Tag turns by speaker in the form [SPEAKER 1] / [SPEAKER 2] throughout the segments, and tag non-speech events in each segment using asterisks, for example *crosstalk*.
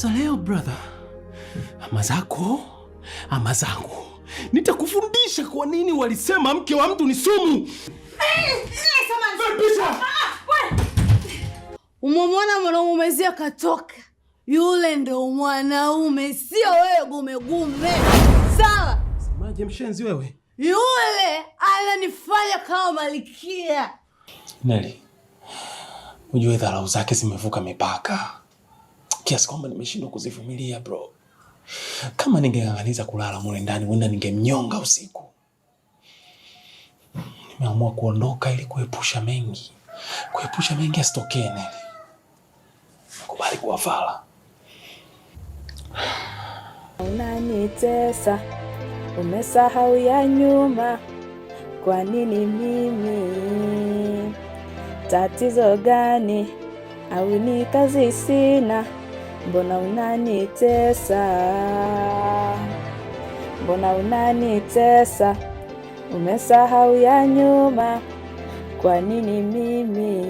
[SPEAKER 1] Sasa leo brother, ama zako ama zangu, nitakufundisha kwa nini walisema mke wa mtu ni sumu.
[SPEAKER 2] Umemwona mwanaume zio katoka, yule ndo mwanaume, sio wewe gumegume. Sawa,
[SPEAKER 1] semaje mshenzi wewe?
[SPEAKER 2] Yule ananifanya kama malikia
[SPEAKER 1] Nelly. ujue dharau zake zimevuka mipaka kiasi kwamba nimeshindwa kuzivumilia bro. Kama ningeanganiza kulala mule ndani, huenda ningemnyonga usiku. Nimeamua kuondoka ili kuepusha mengi, kuepusha mengi asitokee. Nene, kubali kuwa
[SPEAKER 3] Unanitesa, umesahau ya nyuma. Kwa nini mimi? Tatizo gani? Au ni kazi sina? Mbona unanitesa? Mbona unanitesa? Umesahau ya nyuma. Kwa nini mimi?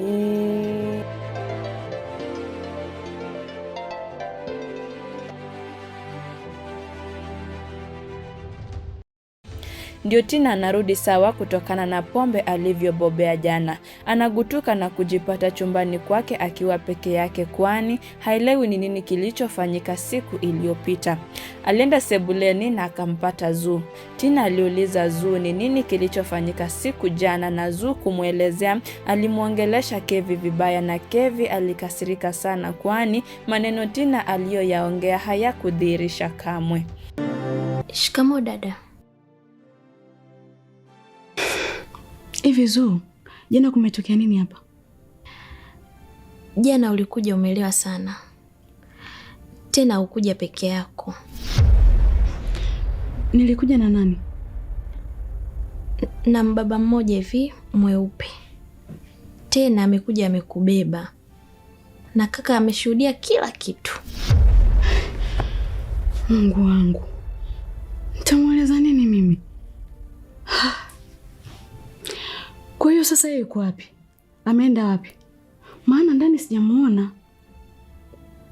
[SPEAKER 4] Ndio Tina anarudi sawa kutokana na pombe alivyobobea jana. Anagutuka na kujipata chumbani kwake akiwa peke yake, kwani haelewi ni nini kilichofanyika siku iliyopita. Alienda sebuleni na akampata Zuu. Tina aliuliza Zuu ni nini kilichofanyika siku jana, na Zuu kumwelezea alimwongelesha Kevi vibaya, na Kevi alikasirika sana, kwani maneno Tina aliyoyaongea hayakudhihirisha kamwe.
[SPEAKER 5] Shikamo dada.
[SPEAKER 6] Hivi Zuu, jana kumetokea nini hapa?
[SPEAKER 5] Jana ulikuja umelewa sana, tena ukuja peke yako.
[SPEAKER 6] Nilikuja na nani?
[SPEAKER 5] Na mbaba mmoja hivi mweupe, tena amekuja amekubeba, na kaka ameshuhudia kila kitu.
[SPEAKER 6] Mungu wangu, nitamweleza nini mimi? Ah. Kwa hiyo sasa yeye yuko wapi? Ameenda wapi? Maana ndani sijamuona.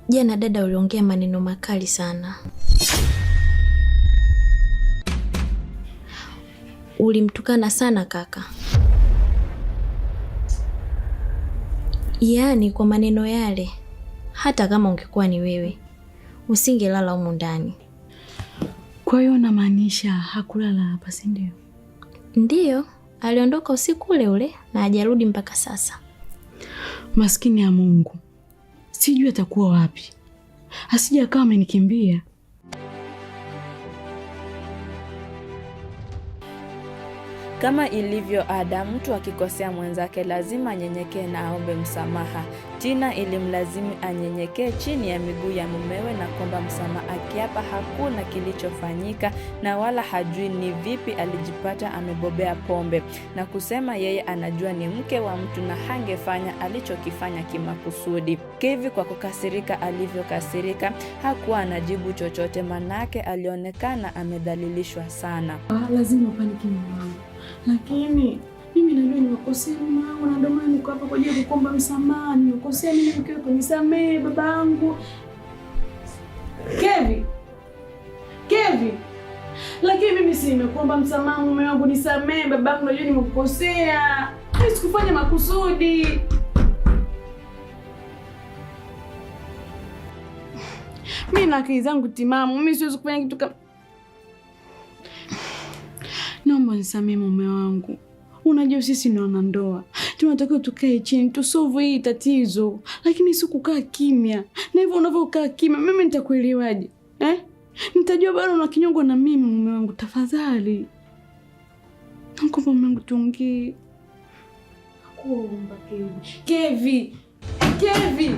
[SPEAKER 5] Jana dada, uliongea maneno makali sana. Ulimtukana sana kaka, yaani kwa maneno yale, hata kama ungekuwa ni wewe usingelala humu ndani.
[SPEAKER 6] Kwa hiyo unamaanisha hakulala hapa, si ndio?
[SPEAKER 5] Ndiyo. Aliondoka usiku ule ule na hajarudi mpaka sasa.
[SPEAKER 6] Maskini ya Mungu, sijui atakuwa wapi, asija akawa amenikimbia.
[SPEAKER 4] Kama ilivyo ada, mtu akikosea mwenzake lazima anyenyekee na aombe msamaha. Tina ilimlazimu anyenyekee chini ya miguu ya mumewe na kuomba msamaha, akiapa hakuna kilichofanyika na wala hajui ni vipi alijipata amebobea pombe, na kusema yeye anajua ni mke wa mtu na hangefanya alichokifanya kimakusudi. Kevi kwa kukasirika alivyokasirika hakuwa anajibu chochote, manake alionekana amedhalilishwa sana.
[SPEAKER 6] Ah, lazima lakini mimi najua nimekosea mama yangu, na ndio maana niko hapa kwa ajili ya kukuomba msamaha. Nimekosea mimi mkiwa, kunisamehe baba yangu. Kevi, Kevi, lakini mimi si nimekuomba msamaha mume wangu, nisamee baba yangu, najua nimekukosea, mimi sikufanya makusudi. Mimi na akili zangu timamu, mimi siwezi kufanya kitu kama naomba nisamee mume wangu. Unajua sisi ni wanandoa, tunatakiwa tukae chini tusovu hii tatizo, lakini si kukaa kimya. Na hivyo unavyokaa kimya, mimi nitakuelewaje eh? Nitajua bado una kinyongo na mimi. Mume wangu, tafadhali nakuomba mume wangu, tuongee. Nakuomba Kevi, Kevi.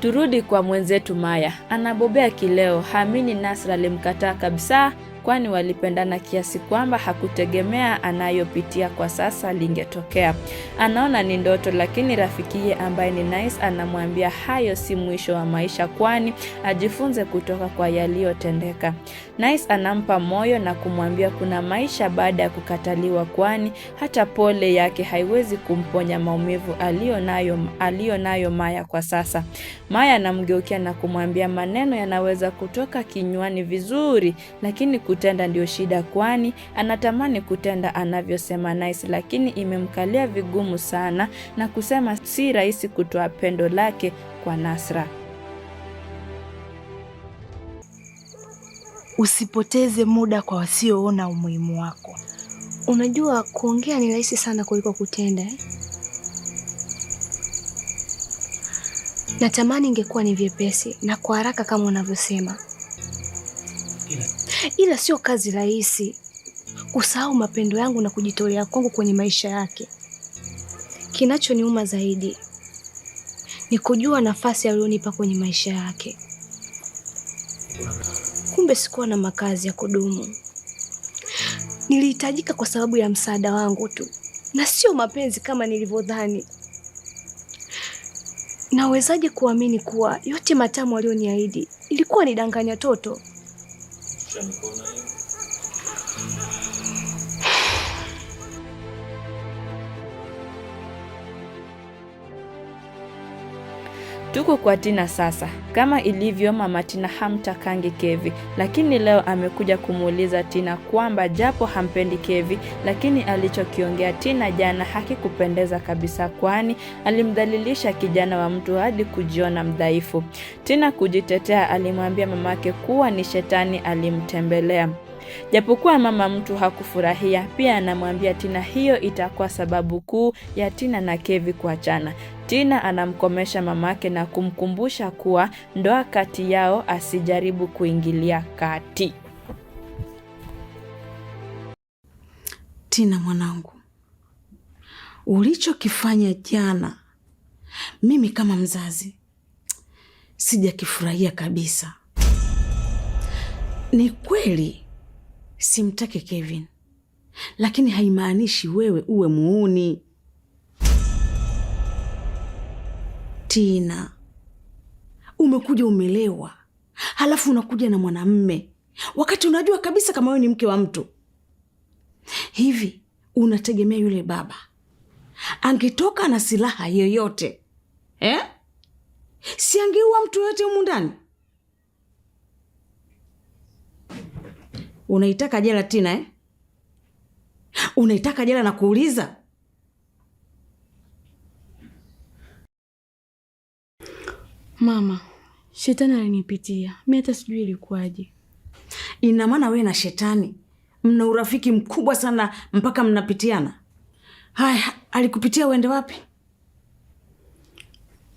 [SPEAKER 4] Turudi kwa mwenzetu Maya, anabobea kileo. Hamini Nasra alimkataa kabisa kwani walipendana kiasi kwamba hakutegemea anayopitia kwa sasa lingetokea. Anaona ni ndoto, lakini rafikiye ambaye ni Nice anamwambia hayo si mwisho wa maisha, kwani ajifunze kutoka kwa yaliyotendeka. Nice anampa moyo na kumwambia kuna maisha baada ya kukataliwa, kwani hata pole yake haiwezi kumponya maumivu aliyonayo aliyonayo Maya kwa sasa. Maya anamgeukia na kumwambia maneno yanaweza kutoka kinywani vizuri, lakini Kutenda ndio shida, kwani anatamani kutenda anavyosema Nice, lakini imemkalia vigumu sana na kusema si rahisi kutoa pendo lake kwa Nasra.
[SPEAKER 7] Usipoteze muda kwa wasioona umuhimu wako. Unajua, kuongea ni rahisi sana kuliko kutenda eh? Natamani ingekuwa ni vyepesi na kwa haraka kama unavyosema ila sio kazi rahisi kusahau mapendo yangu na kujitolea kwangu kwenye maisha yake. Kinachoniuma zaidi ni kujua nafasi aliyonipa kwenye maisha yake. Kumbe sikuwa na makazi ya kudumu, nilihitajika kwa sababu ya msaada wangu tu na sio mapenzi kama nilivyodhani. Nawezaje kuamini kuwa yote matamu aliyoniahidi ilikuwa ni danganya toto? Diyan ko na yun.
[SPEAKER 4] Tuko kwa Tina sasa, kama ilivyo mama Tina hamtakangi Kevi, lakini leo amekuja kumuuliza Tina kwamba japo hampendi Kevi, lakini alichokiongea Tina jana hakikupendeza kabisa, kwani alimdhalilisha kijana wa mtu hadi kujiona mdhaifu. Tina kujitetea, alimwambia mamake kuwa ni shetani alimtembelea. Japokuwa mama mtu hakufurahia, pia anamwambia Tina hiyo itakuwa sababu kuu ya Tina na Kevi kuachana. Tina anamkomesha mamake na kumkumbusha kuwa ndoa kati yao asijaribu kuingilia kati.
[SPEAKER 7] Tina mwanangu, ulichokifanya jana, mimi kama mzazi sijakifurahia kabisa. Ni kweli simtaki Kevin, lakini haimaanishi wewe uwe muuni. Tina, umekuja umelewa, halafu unakuja na mwanamme wakati unajua kabisa kama wewe ni mke wa mtu. Hivi unategemea yule baba angetoka na silaha yoyote eh? Si angeua mtu yoyote humu ndani? Unaitaka jela Tina eh? Unaitaka jela na kuuliza
[SPEAKER 8] Mama, shetani alinipitia mi, hata sijui ilikuwaje.
[SPEAKER 7] Ina maana wewe na shetani mna urafiki mkubwa sana mpaka mnapitiana? Haya, alikupitia uende wapi?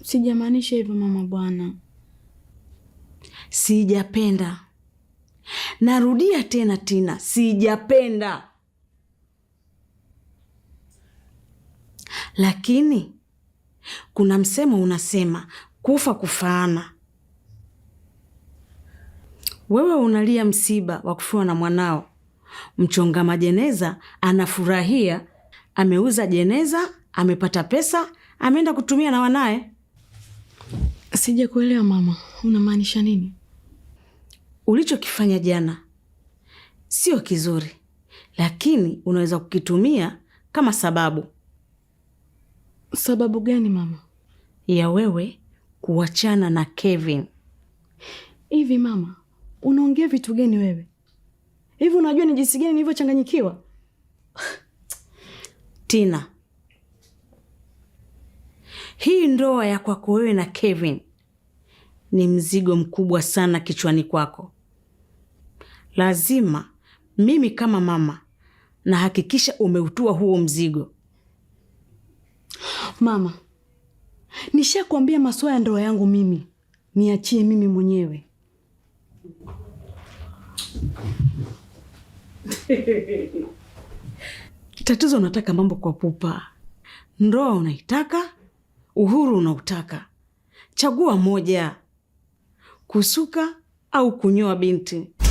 [SPEAKER 8] Sijamaanisha hivyo mama, bwana,
[SPEAKER 7] sijapenda. Narudia tena Tina, sijapenda. Lakini kuna msemo unasema kufa kufaana. Wewe unalia msiba wa kufiwa na mwanao, mchonga majeneza anafurahia, ameuza jeneza, amepata pesa, ameenda kutumia na wanaye.
[SPEAKER 8] Sija kuelewa mama, unamaanisha nini?
[SPEAKER 7] Ulichokifanya jana sio kizuri, lakini unaweza kukitumia kama sababu.
[SPEAKER 8] Sababu gani mama?
[SPEAKER 7] Ya wewe kuachana na Kevin.
[SPEAKER 8] Hivi mama, unaongea vitu gani wewe? Hivi unajua ni jinsi gani nilivyochanganyikiwa? *sighs*
[SPEAKER 7] Tina, hii ndoa ya kwako wewe na Kevin ni mzigo mkubwa sana kichwani kwako. Lazima mimi kama mama nahakikisha umeutua huo mzigo
[SPEAKER 8] mama. Nishakwambia masuala ya ndoa yangu mimi niachie mimi mwenyewe. *laughs*
[SPEAKER 7] Tatizo unataka mambo kwa pupa. Ndoa unaitaka, uhuru unautaka. Chagua moja, kusuka au kunyoa binti.